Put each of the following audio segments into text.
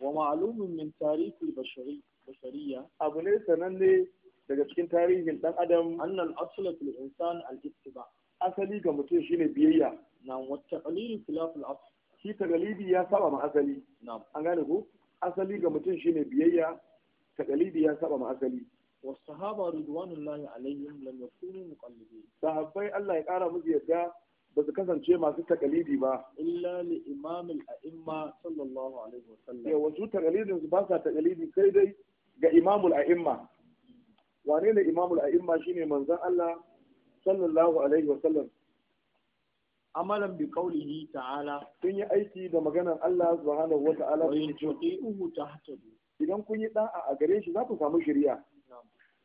wa ma'alumin min tarihi bashariya abu ne sananne daga cikin tarihin dan adam annal asla fil insan al ittiba asali ga mutum shine biyayya na wa taqlil khilaf al asl shi taqlidi ya saba ma asali na'am an gane ko asali ga mutum shine biyayya taqlidi ya saba ma asali wa sahaba ridwanullahi alaihim Allah ya kara musu yadda ba su kasance masu takalidi ba illa li imamil a'imma sallallahu alaihi wasallam yawa su takalidin su ba sa takalidi sai dai ga imamul a'imma wane ne imamul a'imma ne manzon Allah sallallahu alaihi wa sallam. amalan bi qawlihi ta'ala sun yi aiki da maganar Allah subhanahu wa ta'ala wa yuti'uhu tahtadu idan kun yi da'a a gare shi za ku samu shari'a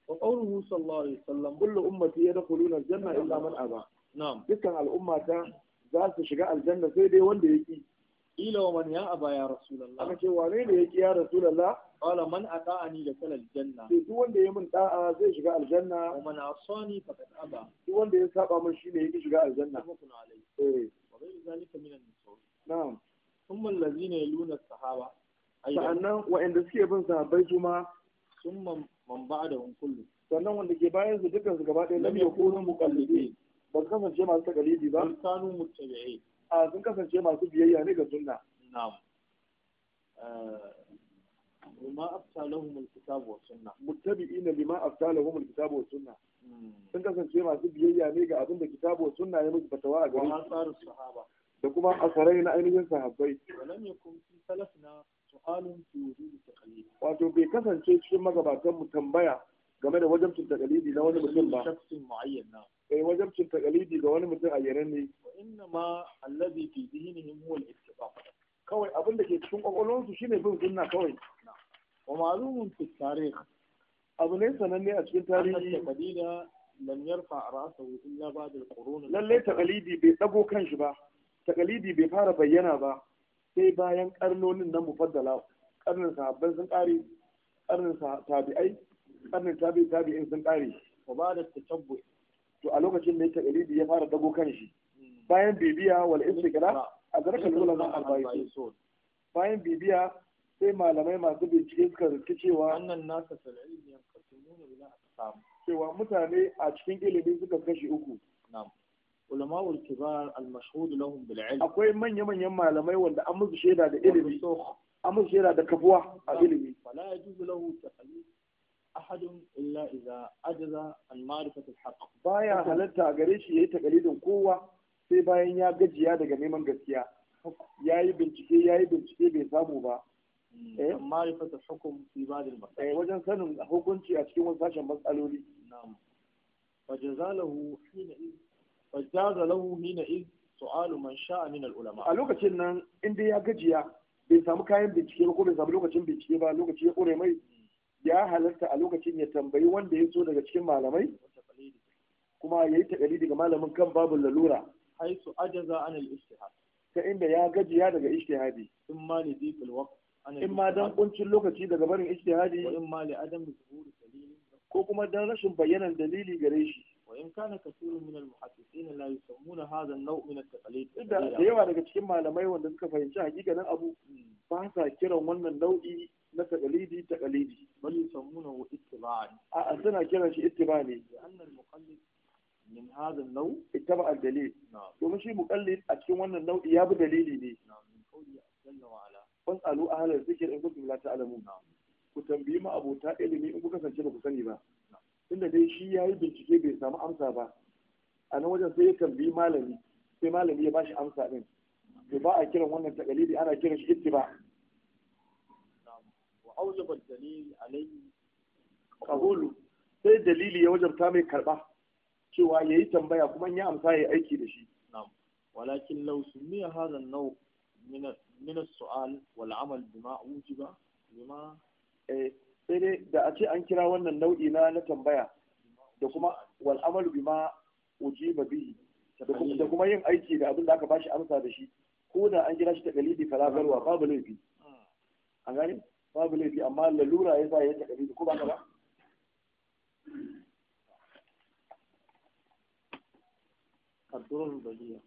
wa qawluhu sallallahu alaihi wasallam kullu ummati yadkhuluna al-janna illa man aba dukkan al'umma ta za su shiga aljanna sai dai wanda ya ki ila wa man ya aba ya rasulullah aka ce wane ne ya ki ya rasulullah qala man ata'ani da kala aljanna sai duk wanda ya min da'a zai shiga aljanna wa man asani faqad aba duk wanda ya saba min shine yake shiga aljanna mutuna alai eh wa ghayr zalika min an-nusus na'am thumma allazina yaluna as-sahaba sa'annan wa'anda suke bin sahabbai su ma thumma man ba'dahum kullu sannan wanda ke bayan su dukkan su gaba ɗaya lam yakunu muqallidin ba su kasance masu takalidi ba kanu a sun kasance masu biyayya ne ga sunna na'am eh, bima aftalahum alkitab wa sunna muttabi'ina bima aftalahum sunna hmm. sun kasance masu biyayya ne ga abin da kitabu sunna ya musu fatawa a gare su sahaba da kuma asarai na ainihin sahabbai walam fi su'alun fi wujudi wato bai kasance cikin magabatan mu tambaya game da wajen taqlidi na wani mutum ba eh wajabcin takalidi ga wani mutum a yaran ne inna ma allazi fi zihnihim huwa al-ittifaq kawai abin da ke cikin kwakwalwar su shine bin sunna kawai wa ma'lumun fi tarikh abu ne sananne a cikin tarihi taqalida lam yarfa ra'sahu illa ba'da al-qurun lalle takalidi bai dago kanshi ba Takalidi bai fara bayyana ba sai bayan karnonin na mufaddala karnin sahabban sun kare karnin tabi'ai karnin tabi'in sun kare wa ba da tatabbu to a lokacin da ya taqalidi ya fara dago kan shi hmm. bayan bibiya wal istiqra a zarkal ulama arba'in bayan bibiya sai malamai masu bincike suka rinki cewa annan nasa fil ilmi yanqasimuna ila aqsam cewa mutane a cikin ilimi suka kashi uku na'am ulama'ul kibar al-mashhud lahum bil ilm akwai manya manyan malamai wanda an musu shaida da ilimi an musu shaida da kafuwa a ilimi fala yajuzu lahu ahadun illa idza ajaza an ma'rifatul haqq baya halatta gare shi yayi takalidin kowa sai bayan ya gajiya daga neman gaskiya yayi bincike yayi bincike bai samu ba hmm. eh ma'rifatul hukm fi ba'd al eh, wajen sanin hukunci a cikin wasu sashen matsaloli na'am fajazalahu hina iz fajazalahu hina iz su'alu man sha'a min al-ulama a lokacin nan inda ya gajiya bai samu kayan bincike ba ko bai samu lokacin bincike ba lokaci ya kore mai hmm. ya halarta a lokacin ya tambayi wanda ya so daga cikin malamai kuma ya yi takali daga malamin kan babu lalura haisu ajaza an al-ijtihad ta inda ya gajiya daga ishtihadi in ma ne zikul waqt in ma dan kuncin lokaci daga barin ishtihadi in ma li adam zuhur dalili ko kuma dan rashin bayyanan dalili gare shi wa in kana kasirun min al-muhaddisin la yusammuna hadha an-naw' min at-taqlid da yawa daga cikin malamai wanda suka fahimci hakikanin abu hmm. ba sa kiran wannan nau'i na taqlidi taqlidi A'a, a kiran shi ittiba ne annal muqallid min hadha an-naw ittaba al domin shi muqallid a cikin wannan nau'i ya bi dalili ne fas'alu ahla zikr in kuntum la ta'lamun ku tambayi ma abota ilimi in kuka kasance ba ku sani ba tunda dai shi yayi bincike bai samu amsa ba a nan wajen sai ya tambayi malami sai malami ya bashi amsa din to ba a kiran wannan taqalidi ana kiran shi ittiba wa awjaba dalil alayhi kabulu sai dalili ya wajabta mai karba cewa ya yi tambaya kuma ya amsa ya aiki da shi walakin law sumiya hadha an-naw min as-su'al wal 'amal bima ujiba bima eh sai da a ce an kira wannan nau'i na na tambaya da kuma wal 'amal bima ujiba bihi da kuma yin aiki da abin da aka bashi amsa da shi ko da an kira shi ta dalili falagarwa babu laifi hmm. an gane babu laifi amma lalura ya sa ya ta dalili ko ba ka ba الدروس البجية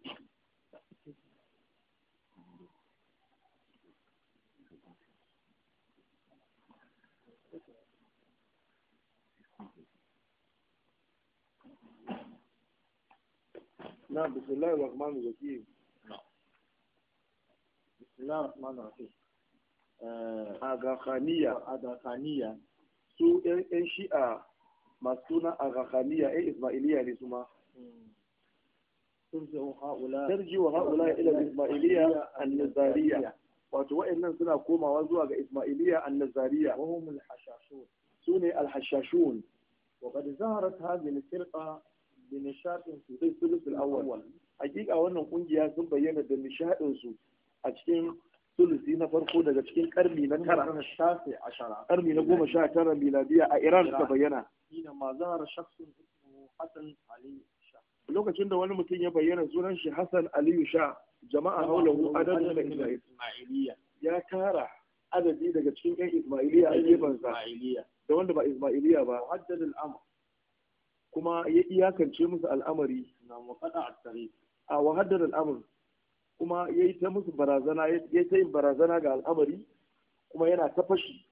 نعم بسم الله الرحمن الرحيم نعم بسم الله الرحمن الرحيم agakhaniya agakhaniya su yan shi'a masu suna agakhaniya yan ismailiya ne su ma tarjiwa haula ila ismailiyya an-nazariyya wato wa'annan suna komawa zuwa ga Isma'iliya an-nazariyya wa hum al-hashashun sune al-hashashun wa qad zaharat hadhihi al-firqa bi nishatin fi thuluth al-awwal hakika wannan kungiya sun bayyana da nishadin su a cikin sulusi na farko daga cikin karni na tara karni na goma sha tara miladiya a iran ta bayyana ma zahara shakhsun ismuhu hasan ali lokacin da wani mutum ya bayyana sunan shi Hassan Aliyu Sha jama'a haulahu adadin da Ismailiyya ya tara adadi daga cikin ɗan Ismailiyya a sa da wanda ba Ismailiyya ba haddad al'amr kuma ya iyakance musu al'amari na muqada a tariq a wa haddad al'amr kuma ya yi ta musu barazana ya ta yin barazana ga al'amari kuma yana ta fashi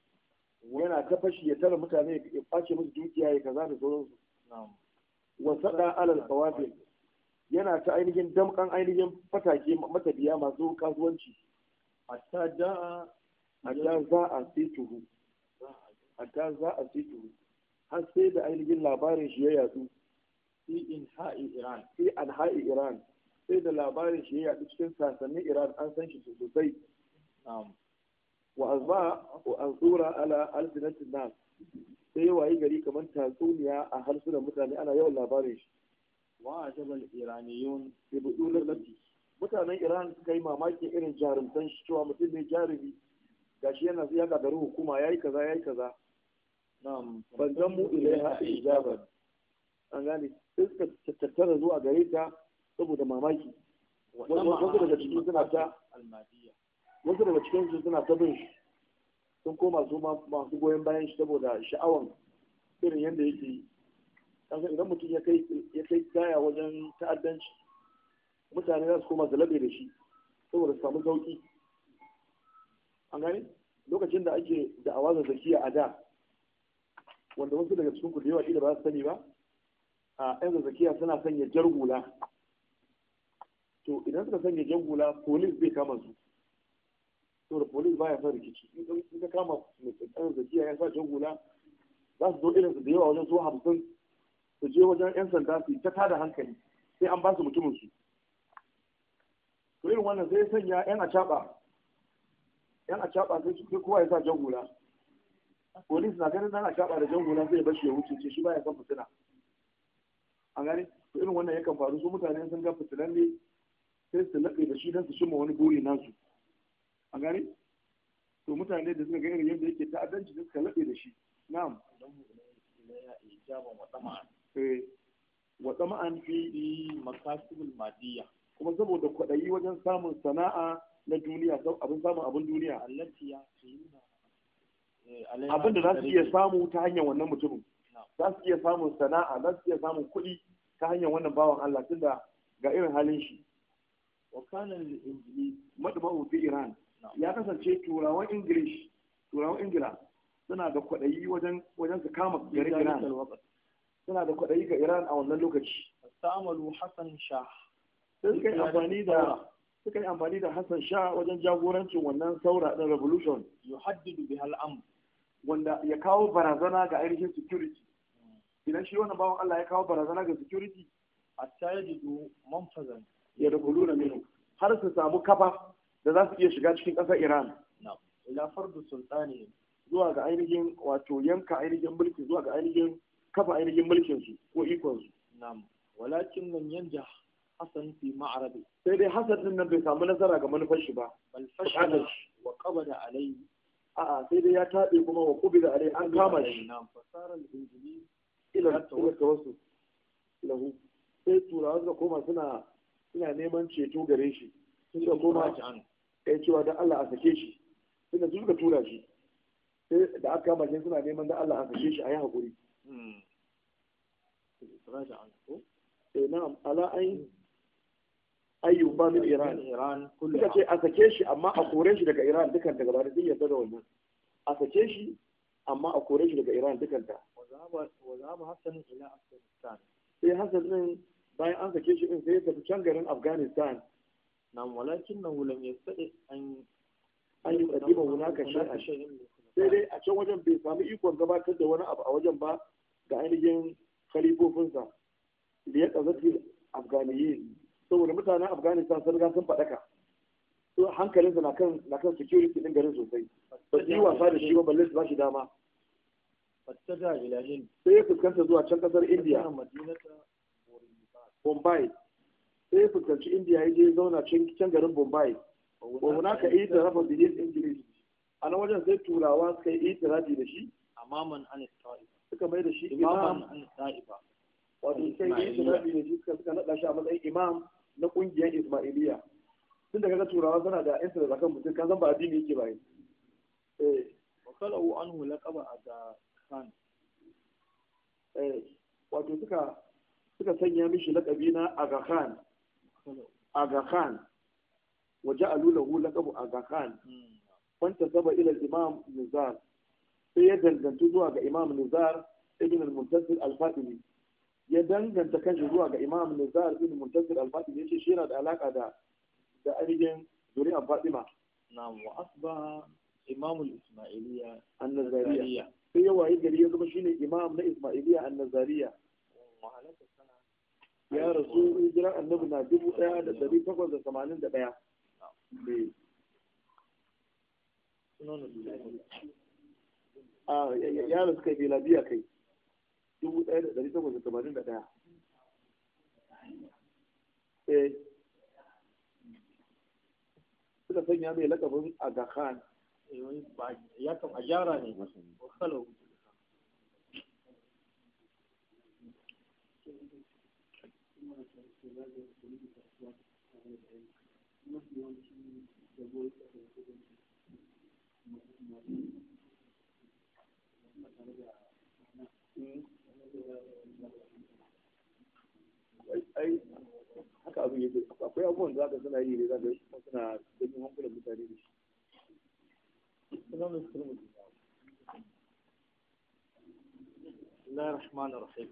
yana ta fashi ya tara mutane ya ɓace musu dukiya ya kaza da sauransu wasada alal kawafin yana ta ainihin damkan ainihin fatake matabiya masu kasuwanci hatta da hatta za a situhu hatta za a situhu har sai da ainihin labarin shi ya yatsu fi ha'i iran fi ha'i iran sai da labarin shi ya yatsu cikin sasannin iran an san shi sosai wa azba wa azura ala alfinatin nas sai ya wayi gari kamar tatsuniya a harsunan mutane ana yawan labarin shi wa jabal iraniyun ibudun lati mutanen iran suka yi mamaki irin jarumtan shi cewa mutum ne jarumi gashi yana ya gagaru hukuma yayi kaza yayi kaza na'am ban zan mu ilaiha ijaban an gane iska suka tattara zuwa gare ta saboda mamaki wasu daga cikin suna ta wasu daga cikin suna ta bin shi sun koma su masu goyon bayan shi saboda sha'awan irin yadda yake yi idan mutum ya kai kaya wajen ta'addanci mutane za su koma zalabe da shi saboda samu sauki an gani lokacin da ake da awazar zakiya a da wanda wasu daga cikin kudu yawa ba su sani ba a yan zakiya suna sanya jar hula to idan suka sanya jar hula polis bai kama su saboda polis baya son rikici in ka kama mai tsakan zakiya ya sa jan za su zo irin su da yawa wajen zuwa hamsin su je wajen yan sanda su ta tada hankali sai an ba su mutumin su to irin wannan sai sanya yan caba yan caba sai su kowa ya sa jan gula polis na ganin dan caba da jan gula sai ya bashi ya wuce ce shi baya son fitina an gani to irin wannan yakan faru su mutane sun ga fitinan ne sai su laɓe da shi don su cimma wani buri nasu a gare to mutane da suka ga irin yadda yake ta'addanci suka laɓe da shi na'am wa tsama'an eh. fi makasibul madiya kuma saboda kwaɗayi wajen samun sana'a na duniya abin samun abin duniya eh, abin da za su iya samu ta hanyar wannan mutumin za su iya samun sana'a za su iya samun kuɗi ta hanyar wannan bawan Allah tunda ga irin halin shi wakanan da al-injili iran ya kasance turawan English turawan Ingila suna da kwaɗayi wajen wajen su kama garin Iran suna da kwaɗayi ga Iran a wannan lokaci samalu Hassan Shah sai suka yi amfani da suka yi amfani da Hassan Shah wajen jagorancin wannan saura din revolution yuhaddidu bihal amr wanda ya kawo barazana ga ainihin security idan shi wannan bawan Allah ya kawo barazana ga security a tsaye da manfazan ya da kuluna minu har su samu kafa da za su iya shiga cikin ƙasar Iran. Ila fardu sultani zuwa ga ainihin wato yanka ainihin mulki zuwa ga ainihin kafa ainihin mulkin su ko ikon su. Na'am. Walakin nan yanja Hassan fi ma'arabi. Sai dai Hassan din nan bai samu nasara ga manufar shi ba. Bal fashala wa qabada alayhi. A'a sai dai ya tabe kuma wa kubida alayhi an kama shi. Na'am. Fasara al-injili ila tawassu. lahu. Sai turawa suka koma suna suna neman ceto gare shi. ga koma kai cewa don Allah a sake shi suna su suka tura shi da aka kama shi suna neman don Allah a sake shi a yi haƙuri. Hmm. Eh na'am ala ayin ayyun ba min Iran. Suka ce a sake shi amma a kore shi daga Iran dukan daga bari sun yarda da wannan. A sake shi amma a kore shi daga Iran dukan ta. Sai Hassan din bayan an sake shi din sai ya tafi can garin Afghanistan. nan walakin nan wulam ya sadi an an yi kadima hunaka shay'an sai dai a can wajen bai sami ikon gabatar da wani abu a wajen ba ga ainihin khalifofinsa da ya kazati afganiyi saboda mutanen afghanistan sun riga sun faɗaka to hankalinsa na kan na kan security din garin sosai ba su yi wasa da shi ba balle su ba shi dama sai ya fuskanta zuwa can kasar india bombay sai fuskanci indiya ya je zauna can garin bombay wa yi tarafa da yin english a nan wajen sai turawa suka yi tarafi da shi a an suka mai da shi an wato suka yi da shi suka shi a matsayin imam na kungiyar ismailiya tun da kaga turawa suna da da kan mutum kan ba addini yake ba eh. eh. wato suka suka sanya mishi laƙabi na aga khan Aga Khan waje alulahu laqabu Aga Khan wanta saba ila Imam Nizar sai ya danganta zuwa ga Imam Nizar ibn al-Muntasir al-Fatimi ya danganta kan zuwa ga Imam Nizar ibn al-Muntasir al-Fatimi yace shi yana da alaka da da zuri al Fatima na'am wa asba Imam al ismailiya an nazariya sai ya wayi gari ya zama shine Imam na isma'iliya an nazariya wa halaka ya rasu hijiran annabi na dubu ɗaya da ɗari takwas da tamanin da ɗaya. Ya rasu kai biya kai dubu ɗaya da ɗari takwas da tamanin da ɗaya. Eh. Suka sanya mai lakabin Aga Khan. Eh, ya kam a jara ne. Wasu ai haka abin yake akwai abubuwan da suna yi ne zaka suna ganin hankulan mutane da shi suna da suna mutum na rahmanar rahim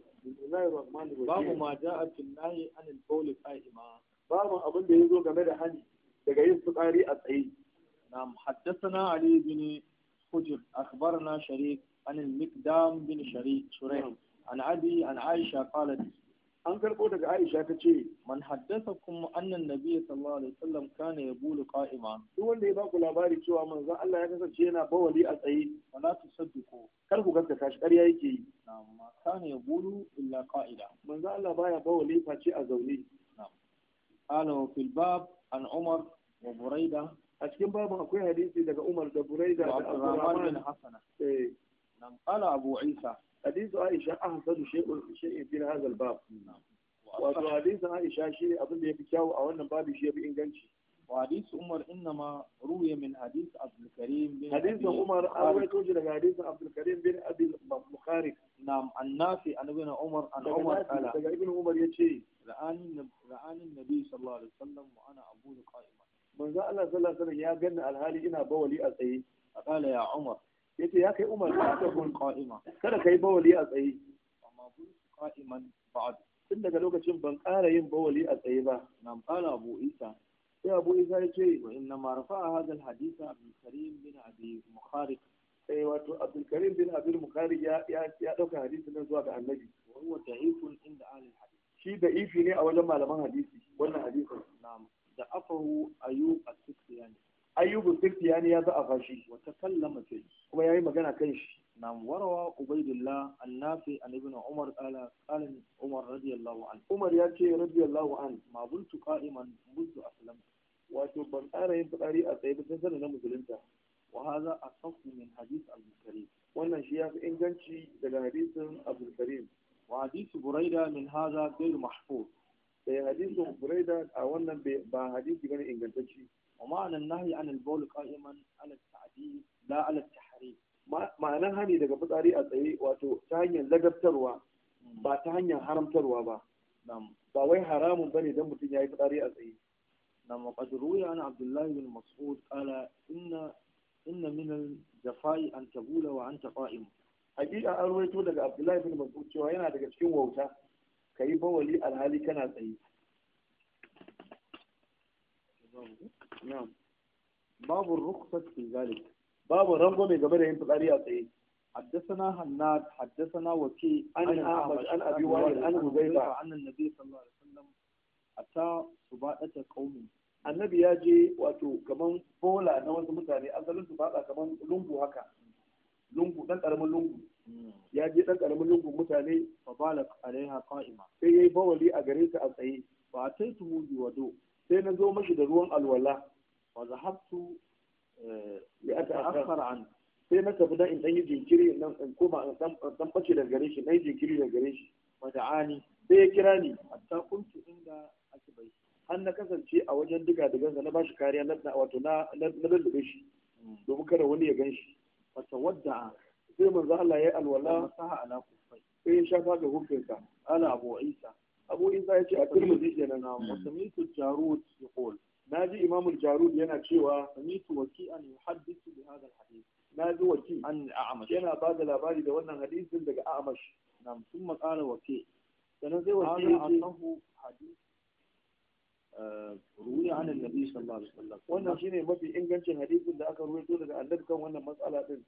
babu ma a fil nahi anil qawli qa'ima babu abin da ya zo game da hani daga yin fitsari a tsaye Na haddathana ali bin hujr akhbarana sharik an al-miqdam bin sharik shuraih an abi an aisha qalat an karɓo daga Aisha ta ce man haddasa kuma annan nabi sallallahu alaihi wasallam kana ya bulu qa'ima duk wanda ya baku labari cewa manzon Allah ya kasance yana bawali a tsaye wala tusaddiqu kar ku gaskata shi ƙarya yake yi amma kana ya bulu illa qa'ida manzon Allah baya bawali face a zaune qala wa fil bab an umar wa buraida a cikin babu akwai hadisi daga Umar da Buraida da Abdurrahman bin Hasana eh nan qala Abu Isa hadisu aisha ahsanu shay'un shay'in fi hadha al-bab wato hadisu aisha shi ne abin da yafi kyawu a wannan babu shi yafi inganci وحديث عمر انما روي من حديث عبد الكريم بن حديث عمر اول توجد حديث عبد الكريم بن ابي البخاري نعم النافي عن ابن عمر عن عمر قال ابن عمر يجي رآني رآني النبي صلى الله عليه وسلم وانا اقول قائما من ذا الله صلى الله عليه وسلم يا جن الهالي انا بولي اتي قال يا عمر yace ya kai Umar ka ta kun qa'ima kada kai bawali a tsaye amma kun qa'iman ba'd tun daga lokacin ban ƙara yin bawali a tsaye ba nan fara Abu Isa sai Abu Isa ya ce wa inna ma rafa'a hadha al-hadith Abdul Karim bin Abi Mukharib sai eh, wato Abdul Karim bin Abi Mukharib ya ya dauka hadisin nan zuwa ga Annabi wa huwa da'ifun inda ahli al shi da'ifi ne a wajen malaman hadisi wannan hadisin na'am da afahu ayub as-sufyani ayyubu sirtiyani ya za a fashi wa takallama fi kuma yayi magana kan shi nam warawa ubaidillah annafi an ibn umar qala qala umar radiyallahu an umar ya ce radiyallahu an ma buntu qa'iman mundu aslam wato ban tsara yin fitsari a tsaye ba sai na musulunta wa hadha asahhu min hadith al-bukhari wannan shi ya fi inganci daga hadisin abdul karim wa hadithu buraida min hadha ghayr mahfuz sai eh, hadisin buraida a wannan ba hadisi bane ingantacce ومعنى النهي عن البول قائما على التعديل لا على التحريم ma'anan hani daga fitsari a tsaye wato ta hanyar lagabtarwa ba ta hanyar haramtarwa ba ba wai haramun ne dan mutum yi fitsari a tsaye nam wa qad ruwiya an abdullahi bin mas'ud qala inna inna min al-jafai wa anta qa'im hakika an ruwaito daga abdullahi bin cewa yana daga cikin wauta kai bawali alhali kana tsaye babu rukhsat fi zalik babu rangwame game da yin fitsari a tsaye حدثنا هناد حدثنا وكي عن أحمد عن أبي وائل عن حذيفة عن النبي صلى الله عليه وسلم أتى سباطة قوم annabi ya je wato kaman bola na wasu mutane asalin su fada kaman lungu haka lungu dan karamin lungu hmm. ya je dan karamin lungu mutane fa balak alaiha qa'ima sai yayi bawali a gare ta a tsaye fa ataitu bi wado sai na zo mashi da ruwan alwala wa zahabtu li eh, ata'akhkhara an sai na tafi dan in dan yi jinkiri nan in koma in dan dan bace daga gare shi nayi jinkiri daga gare shi wa da'ani sai ya kira ni hatta kuntu inda bai har na kasance a wajen diga digansa na bashi kariya na wato na na lullube shi mm. domin kada wani ya gan shi wata wadda sai manzo Allah ya alwala kufai sai ya shafa ga hukunsa Ana abu isa abu isa ya ce a turmuzi kenan na musamitu jarud ya kol na ji imamul jarud yana cewa samitu waki an yuhaddisu bi hadal hadisi. na ji waki an a'amash yana ba da labari da wannan hadisin daga a'amash na sun makala waki sannan sai waki ya ce annahu hadith uh, ruwiya an annabi sallallahu alaihi wasallam wannan shine mafi ingancin hadisin da aka ruwaito daga annabi kan wannan matsala din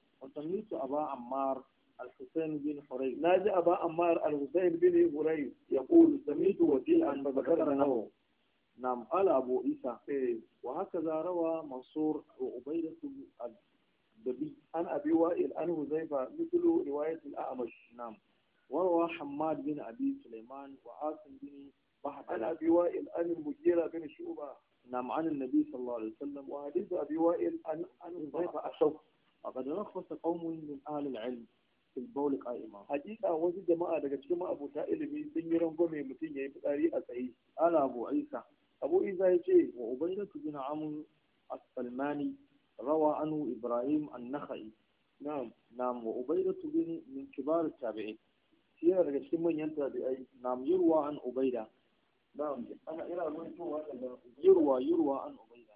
wa a aba ammar الحسين بن حريث ناجي أبا عمار الحسين بن حريث يقول سمعت وكيل أن فذكر نحوه نعم قال أبو عيسى إيه. وهكذا روى منصور وعبيدة الدبي عن أبي وائل عن هزيفة مثل رواية الأعمش نعم وروى حماد بن أبي سليمان وعاصم بن بحر عن أبي وائل عن المجيرة بن شعبة نعم عن النبي صلى الله عليه وسلم وحديث أبي وائل عن عن هزيفة أشوف وقد رخص قوم من أهل العلم fil bawl hakika wasu jama'a daga cikin ma'abota ilimi sun yi rangwame mutum ya yi fitsari a tsaye ala abu isa abu isa ya ce wa ubaydatu bin amr asalmani rawa anu ibrahim an-nakhai na'am na'am wa ubaydatu bin min kibar tabi'in shi yana daga cikin manyan tabi'ai na'am yurwa an ubaida na'am ana ina ruwa daga yurwa yurwa an ubaida.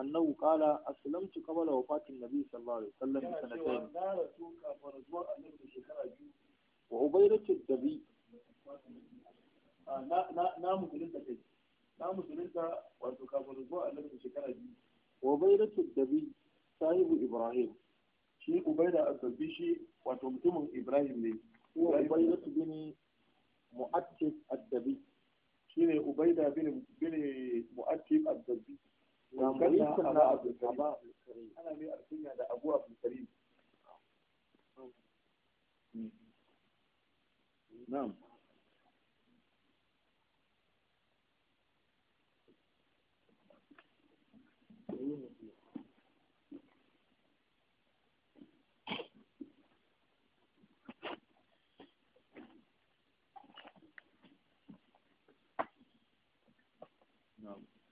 أنه قال أسلمت قبل وفاة النبي صلى الله عليه وسلم بسنتين وعبيدة الدبي na musulunta kai na musulunta wato kafin zuwa annabi shekara biyu ubaida tuddabi sahibu ibrahim shi ubaida asabi shi wato mutumin ibrahim ne ubaida tuddabi mu'attib addabi shine ubaida bin bin mu'attib ad-dabbi wa da abu abdul karim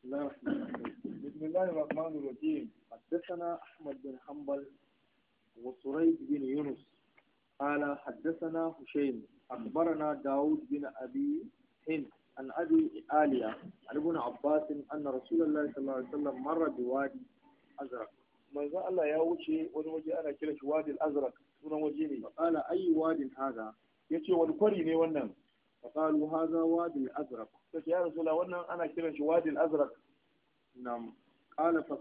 بسم الله الرحمن الرحيم حدثنا أحمد بن حنبل وسريج بن يونس قال حدثنا هشيم أخبرنا داود بن أبي هند عن أبي آلية عن ابن عباس أن رسول الله صلى الله عليه وسلم مر بوادي أزرق من ذا الله يا وجهي ونوجه أنا كلش وادي الأزرق ونوجهني قال أي واد هذا يتي ونقري ني ونن faƙalu haza wadin azraq ya rasula wannan ana kiran shi wadin azraq nam qala fa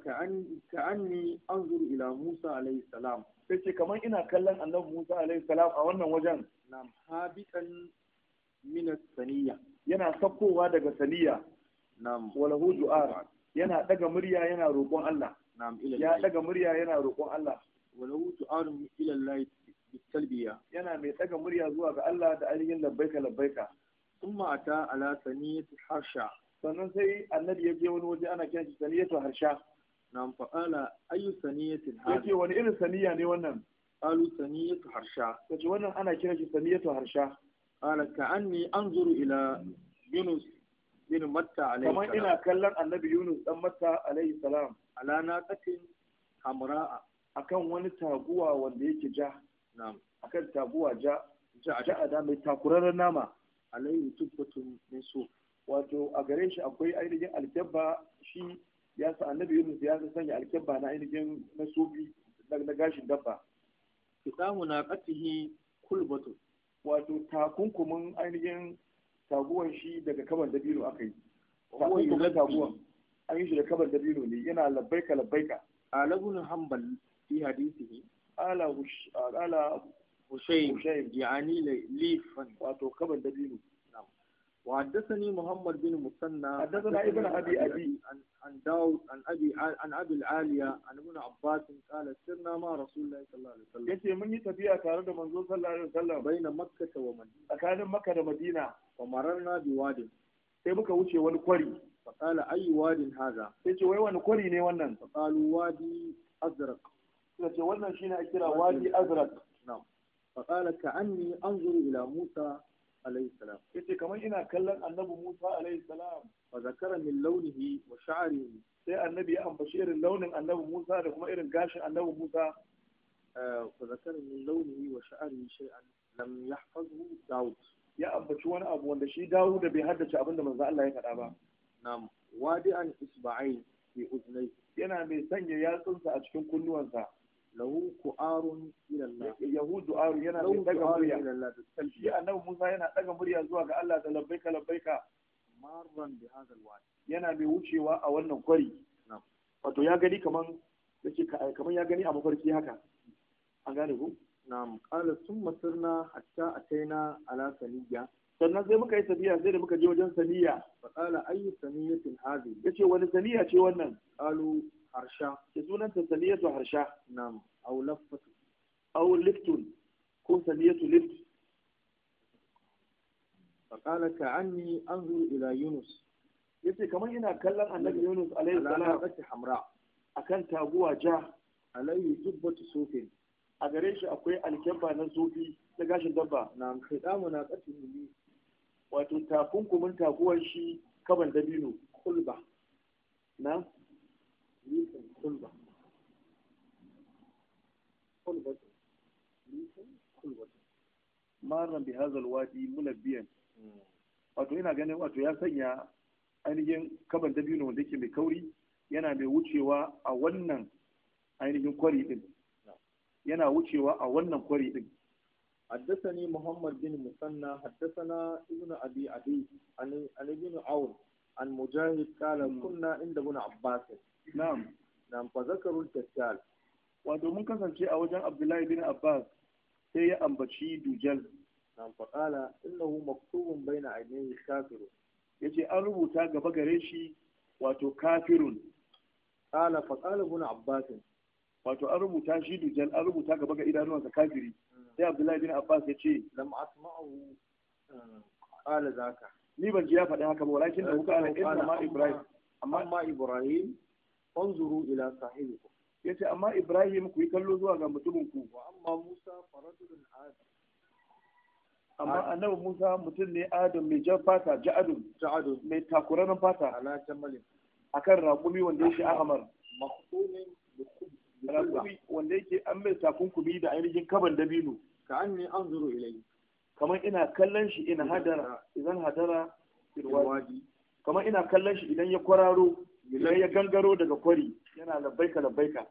ka'anni anzuru ila musa alayhi salam sai kamar ina kallon annabi musa alayhi salam a wannan wajen nam habitan min saniya yana sakkowa daga saniya nam walahu du'a yana daga murya yana roƙon Allah nam ya daga murya yana roƙon Allah walahu du'a ila bitalbiya yana mai tsaga murya zuwa ga Allah da ainihin labbaika labbaika thumma ata ala saniyati harsha sannan sai annabi ya je wani waje ana kiran shi saniyatu harsha nan fa'ala ayu saniyati harsha yace wani irin saniya ne wannan qalu saniyatu harsha yace wannan ana kiran shi saniyatu harsha qala ka'anni anzuru ila yunus bin matta alayhi kamar ina kallon annabi yunus dan matta alayhi salam ala naqatin hamra'a akan wani taguwa wanda yake ja akan taguwa ja da mai takurarren nama alayhi tubbatun min su wato a gare shi akwai ainihin alkyabba shi ya sa annabi Yunus ya sanya alkyabba na ainihin na sufi na gashin dabba kitamu na qatihi kulbatu wato takunkumin ainihin taguwan shi daga kaban dabino aka yi takunkumin taguwan an yi shi da kaban dabino ne yana labbaika labbaika alabun hanbal fi hadisihi ala Hussein yani lifan wato kabar dabino wa haddathani Muhammad bin Musanna haddathana ibn Abi Abi an an Abi an Abi al-Aliya an Ibn Abbas qala sirna ma Rasulullahi sallallahu alaihi wasallam yace mun yi tafiya tare da manzo sallallahu alaihi wasallam bayna Makkah wa Madina tsakanin Makkah da Madina wa mararna wadin sai muka wuce wani kwari fa qala ayi wadin haza yace wai wani kwari ne wannan fa qalu wadi azraq suka ce wannan shine a kira wadi azrak na'am ka qala ni, an anzuru ila musa alayhi salam yace kamar ina kallon annabi musa alayhi salam fa zakara min launihi wa sha'rihi sai annabi ya ambaci irin launin annabi musa da kuma irin gashin annabi musa eh, fa zakara min launihi wa sha'rihi shay'an lam yahfazhu daud ya ambaci wani abu wanda shi dawo da bai haddace abinda da manzo Allah ya faɗa ba na'am wadi'an isba'ain fi uznai yana mai sanya yatsunsa a cikin kunnuwansa lahu ku'arun ila Allah yahudu aru yana da daga murya shi annabi Musa yana daga murya zuwa ga Allah da labbaika labbaika marran bi hadha alwadi yana mai wucewa a wannan kwari wato ya gani kaman yake kaman ya gani a mafarki haka an gane ku na'am qala summa sirna hatta ataina ala saniya sannan sai muka yi saniya sai da muka je wajen saniya fa qala ayyu saniyatin hadhihi yace wani saniya ce wannan qalu harsha ke sunan ta harsha na'am aw lafatu aw liftun ko saniyatu lift faqala ka anni anzuru ila yunus yace kamar ina kallon annabi yunus alaihi salam hamra akan taguwa ja alaihi jubbatu sufin a gare shi akwai alkyamba na zobi na gashin dabba na hidamu na katin nuni wato taguwar shi kaban dabino kulba na نيوتن قلبة قلبة نيوتن قلبة biyan. wato yana ganin wato ya sanya ainihin kaban biyu wanda yake mai kauri yana mai wucewa a wannan ainihin kwari din yana wucewa a wannan kwari haddasa haddasani muhammad bin musanna haddasana ibnu abi abi an ibnu aun an mujahid qala hmm. kunna inda ibn abbas na'am na'am fa zakarul Wa wato mun kasance a wajen Abdullahi bin Abbas sai ya ambaci dujal na'am fa qala innahu maktubun baina ainihi kafirun yace an rubuta gaba gare shi wato kafirun qala fa qala ibn Abbas wato an rubuta shi dujal an rubuta gaba ga idanuwansa kafiri hmm. sai Abdullahi bin Abbas ya ce lam asma'u eh, qala zaka ni ban ji ya faɗi haka ba walakin da kuka eh, ala inna ma Ibrahim amma ma Ibrahim fanzuru ila sahibikum yace amma Ibrahim ku yi kallo zuwa ga mutumin ku wa amma Musa faradun adi amma annabi Musa mutum ne adam mai jan fata ja'adun ja'adun mai takuranin fata ala jamalin akan raƙumi wanda yake ahmar makhdumin raƙumi wanda yake an mai takunkumi da ainihin kaban dabino ka an ne an zuru ilai kamar ina kallon shi ina hadara idan hadara irwaji kamar ina kallon shi idan ya kwararo idan ya gangaro daga kwari yana labbaika labbaika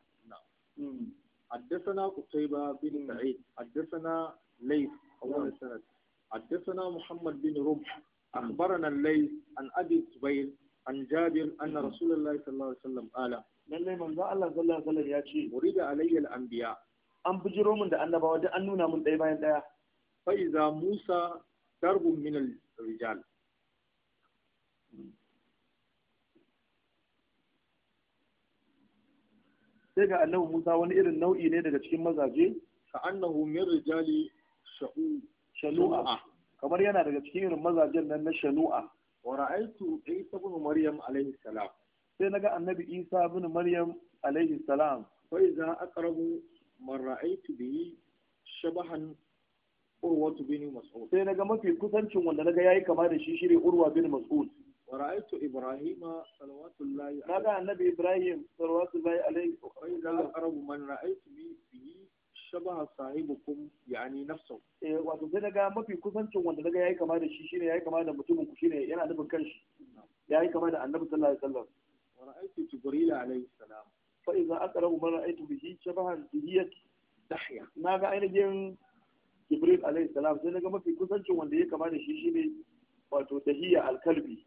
حدثنا قتيبة بن سعيد حدثنا ليث أول السند حدثنا محمد بن رمح أخبرنا الليث عن أبي الزبير عن جابر أن رسول الله صلى الله عليه وسلم قال lallai manzo Allah sallallahu alaihi ya ce murida da anbiya an bujiro mun da annabawa duk an nuna mun ɗaya bayan ɗaya Faiza musa darbun min rijal sai ga annabi Musa wani irin nau'i ne daga cikin mazaje ka annahu min rijali shanu'a kamar yana daga cikin irin mazajen nan na shanu'a wa ra'aytu Isa ibn Maryam alaihi salam sai naga annabi Isa ibn Maryam alaihi salam fa idza aqrabu man ra'aytu bihi shabahan Urwa bin Mas'ud sai naga mafi kusancin wanda naga yayi kama da shi shine Urwa bin Mas'ud ورأيت إبراهيم صلوات الله عليه ماذا النبي إبراهيم صلوات الله عليه وإذا أقرب من رأيت به shabaha sahibukum yani nafsu eh wato sai daga mafi kusancin wanda daga yayi kama da shi shine yayi kama da mutumin ku shine yana nufin kanshi yayi kama da annabi sallallahu alaihi wa ra'aytu jibril alaihi salam fa idza aqrabu man ra'aytu bihi na ga ainihin jibril alaihi salam mafi kusancin wanda yayi kama da shi shine wato dahiya alkalbi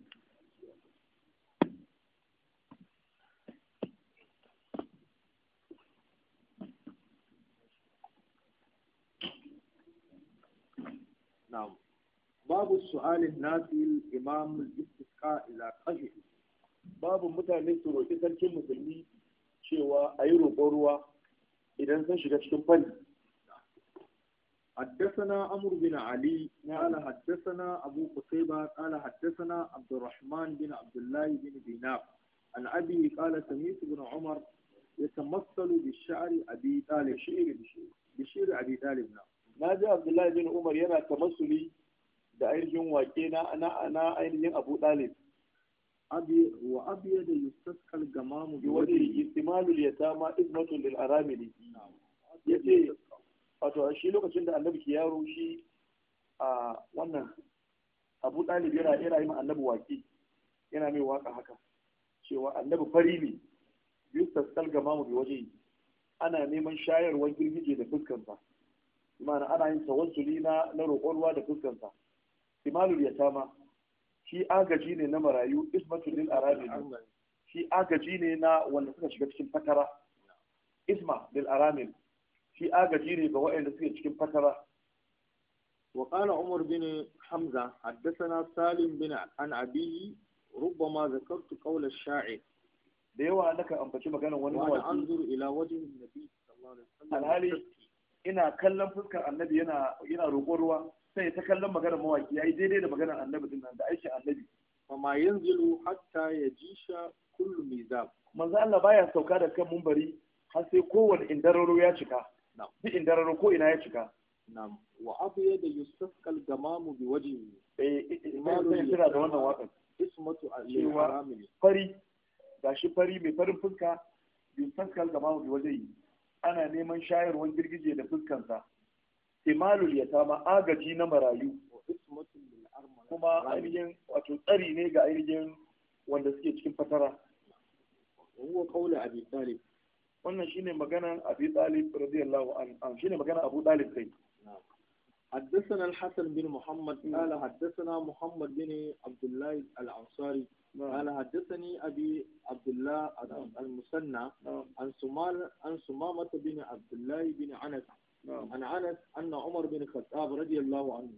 babu su'alin nasi imam al-istisqa ila qahi babu mutane su roƙi sarkin musulmi cewa ayi roƙon ruwa idan sun shiga cikin fari حدثنا عمرو بن علي قال حدثنا أبو قتيبة قال حدثنا عبد الرحمن بن عبد الله بن دينار عن أبي قال سميت بن عمر يتمثل بالشعر أبي طالب بشعر بشعر أبي طالب نعم ما جاء عبد الله بن عمر ينا تمثلي cikin wake na ainihin abu dalib wa abiya da yustaskal gamamu bi wani istimalul yatama izmatul lil aramili yace wato shi lokacin da annabi ke yaro shi a wannan abu dalib yana yana yi annabi wake yana mai waka haka cewa annabi fari ne yustaskal gamamu bi waje ana neman shayarwar girgije da fuskansa ma'ana ana yin tawassuli na na roƙon ruwa da fuskansa imalul yatama shi agaji ne na marayu ismatul lil arabi shi agaji ne na wanda suka shiga cikin fatara isma lil aramil shi agaji ne ga waɗanda suke cikin fatara وقال عمر بن حمزة حدثنا سالم بن عن أبي ربما ذكرت قول الشاعر da yawa naka ambaci maganar wani mawaki an zuru ila wajen nabi sallallahu alaihi wasallam alhali ina kallon fuskar annabi yana yana roƙon ruwa sai ta kallon maganar mawaki yayi daidai da maganar annabi din nan da aikin annabi amma yanzilu hatta yajisha kullu mizab manzo Allah baya sauka da kan mumbari har sai kowanne indararo ya cika duk indararo ko ina ya cika na'am wa abyada yustasqal gamamu bi wajhihi eh, eh, eh, eh sai kira da wannan waƙar ismatu al-harami fari gashi fari mai farin fuska yustasqal gamamu bi wajhihi ana neman shayarwan girgije da fuskansa imalul yatama agaji na marayu kuma ainihin wato tsari ne ga ainihin wanda suke cikin fatara huwa qawlu abi talib wannan shine maganan abi talib radiyallahu shine abu talib kai حدثنا الحسن بن محمد قال حدثنا محمد بن عبد الله الأنصاري قال حدثني أبي عبد الله المثنى عن سمال بن عبد الله بن an anas anna umar bin khattab radiyallahu anhu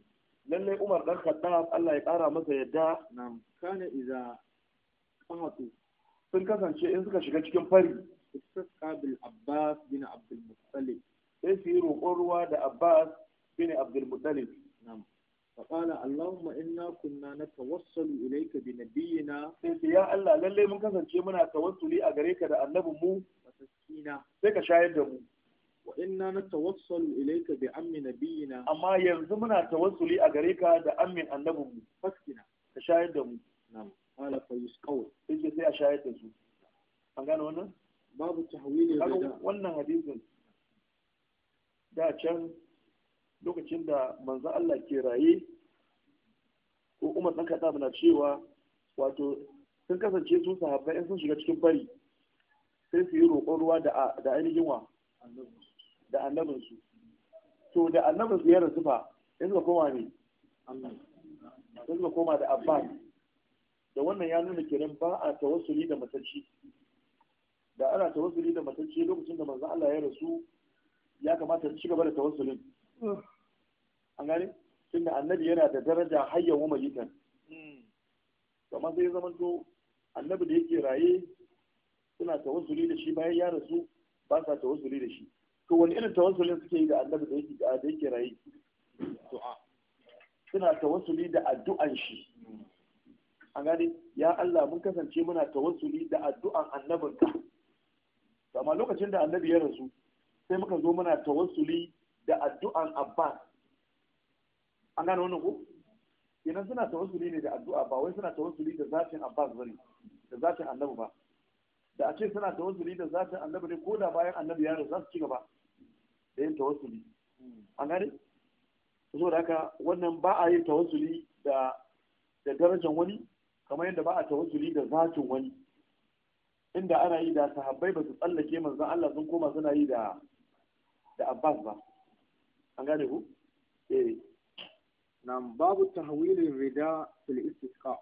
lalle umar dan khattab Allah ya kara masa yadda na'am kana iza qatu sun kasance in suka shiga cikin fari istasqa bil abbas bin abd al muttalib sai su yi roƙon ruwa da abbas bin abd al muttalib na'am faƙala allahumma inna kunna na tawassalu ilayka bi nabiyyina sai su ya Allah lalle mun kasance muna tawassuli a gare ka da annabinmu sai ka shayar da mu wa inna natawassalu ilayka bi ammi nabiyyina amma yanzu muna tawassuli a gare ka da ammin annabinmu faskina ka shayar da mu na'am qala fa yusqaw sai sai a shayar da su an gane wannan babu tahwili da wannan hadisin da can lokacin da manzo Allah ke raye ko Umar dan Khattab na cewa wato sun kasance su sahabbai sun shiga cikin bari sai su yi roƙon ruwa da ainihin wa da annabinsu to da annabinsu ya rasu fa ya suka koma ne Ya suka koma da abbas da wannan ya nuna kenan ba a tawassuli da matacci da ana tawassuli da matacci lokacin da manzo Allah ya rasu ya kamata ci gaba da tawassulin an gane tunda annabi yana da daraja hayyan wa mayitan kamar sai zama to annabi da yake raye suna tawassuli da shi bayan ya rasu ba sa tawassuli da shi to wani irin tawassulin suke yi da annabi da yake da yake rayi du'a suna tawassuli da addu'an shi an gani ya Allah mun kasance muna tawassuli da addu'an annabinka amma lokacin da annabi ya rasu sai muka zo muna tawassuli da addu'an Abbas an gane wannan ko idan suna tawassuli ne da addu'a ba wai suna tawassuli da zatin Abbas bane da zatin annabi ba da a ce suna tawassuli da zatin annabi ne ko da bayan annabi ya rasu za su ci gaba yin tawassuli hmm. an gane so da haka wannan ba a yin tawassuli da da darajar wani kamar yadda ba a tawassuli da zatin wani inda ana yi da sahabbai ba su tsallake manzon Allah sun koma suna yi da da Abbas ba an gane ku eh nan babu tahwilin rida fil istisqa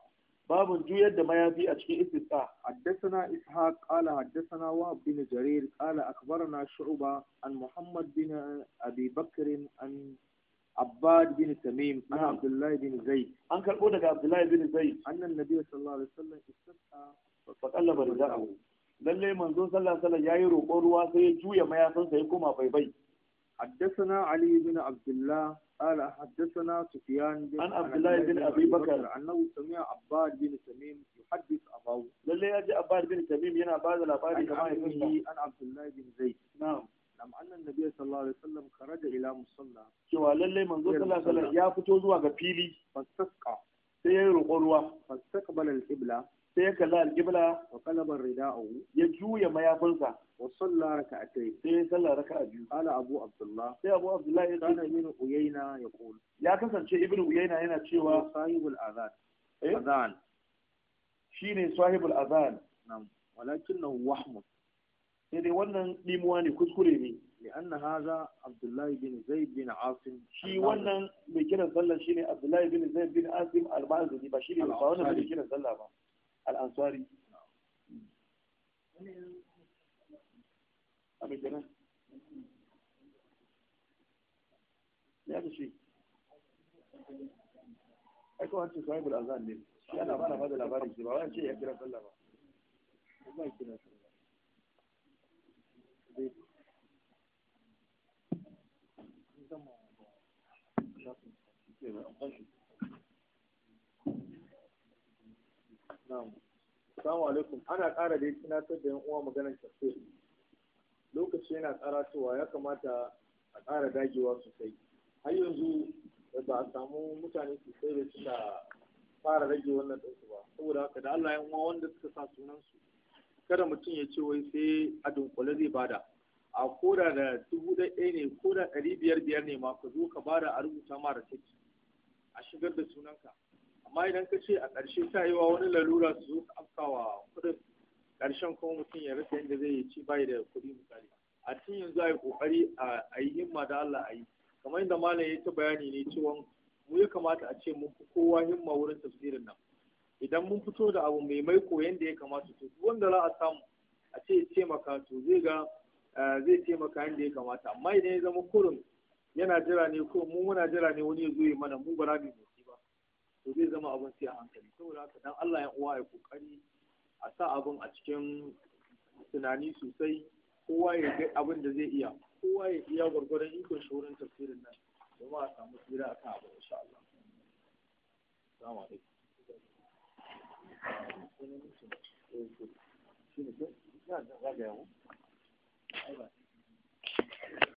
باب ما دميابي أشكي إستسقاء حدثنا إسحاق قال حدثنا وهب بن جرير قال أخبرنا شعبة عن محمد بن أبي بكر عن عباد بن تميم عن عبد الله بن زيد عن كالبودك عبد الله بن زيد أن النبي صلى الله عليه وسلم استسقى فقلب رداءه lalle manzon sallallahu alaihi wasallam yayi roƙon ruwa sai ya juya mayafinsa ya koma baibai حدثنا علي بن عبد الله قال حدثنا سفيان بن عن عبد الله بن ابي بكر انه سمع عباد بن تميم يحدث اباه لله يجي عباد بن تميم ينا بعض الاباد كما يقول عن عبد الله بن زيد نعم لم ان النبي صلى الله عليه وسلم خرج الى مصلى cewa lallai manzo sallallahu alaihi wasallam ya fito zuwa ga fili fasaka sai ya roƙo ruwa fasaka balal qibla sai ya kalla alƙibla wa qalabar rida'u ya juya mayafinsa wa salla raka'atayn sai ya salla raka'a biyu ala abu abdullah sai abu abdullah ya kana min Uyaina ya qul ya kasance ibnu Uyaina yana cewa sahibul azan eh? azan shine sahibul azan na'am walakinahu wahmun sai dai wannan limuwa ne kuskure ne لأن هذا عبد الله بن زيد بن عاصم شي wannan mai kiran sallah shine Abdullahi bin Zaid bin Asim al-Bazzi ba shine ba wannan mai kiran sallah ba al'ansari abin kenan ya ana bana ba da labarin Thank you. Assalamu alaikum. Ana ƙara da tunatar da yan uwa maganar tafsiri. Lokaci yana cewa ya kamata a ƙara dagewa sosai. Har yanzu ba a samu mutane sosai da suka fara rage wannan ɗansu ba. Saboda haka da Allah yan uwa wanda suka sa sunansu. Kada mutum ya ce wai sai a dunkule zai bada. A koda da dubu ɗaya ne koda ɗari biyar biyar ne ma ka zo ka bada a rubuta mara A shigar da sunanka. amma idan ka ce a ƙarshe ta yi wa wani lalura su zo ka afkawa kudin ƙarshen kuma mutum ya rasa yadda zai yi ci bayi da kuɗi misali a cikin yanzu a yi ƙoƙari a yi himma da Allah a yi kamar yadda malam ya ta bayani ne cewa mu ya kamata a ce mun fi kowa himma wurin tafsirin nan idan mun fito da abu mai koyan da ya kamata to duk wanda za a samu a ce ya taimaka to zai ga zai taimaka yadda ya kamata amma idan ya zama kurin yana jira ne ko mu muna jira ne wani ya zo ya mana mu ba za mu to zai zama abin sai a hankali saboda haka dan Allah ya uwa ya kokari a sa abin a cikin tunani sosai kowa ya ga abin da zai iya kowa ya iya gwargwaron ikon shi wurin tafsirin nan domin a samu tsira a kan abin insha Allah assalamu alaikum eh, ne ko ya zagaya mu ai ba